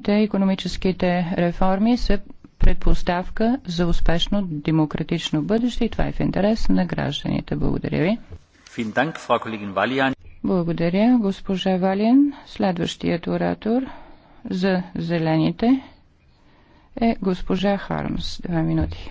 Социалните и економическите реформи са предпоставка за успешно демократично бъдеще и това е в интерес на гражданите. Благодаря ви. Благодаря, госпожа Валиан. Следващият оратор за зелените е госпожа Хармс. Два минути.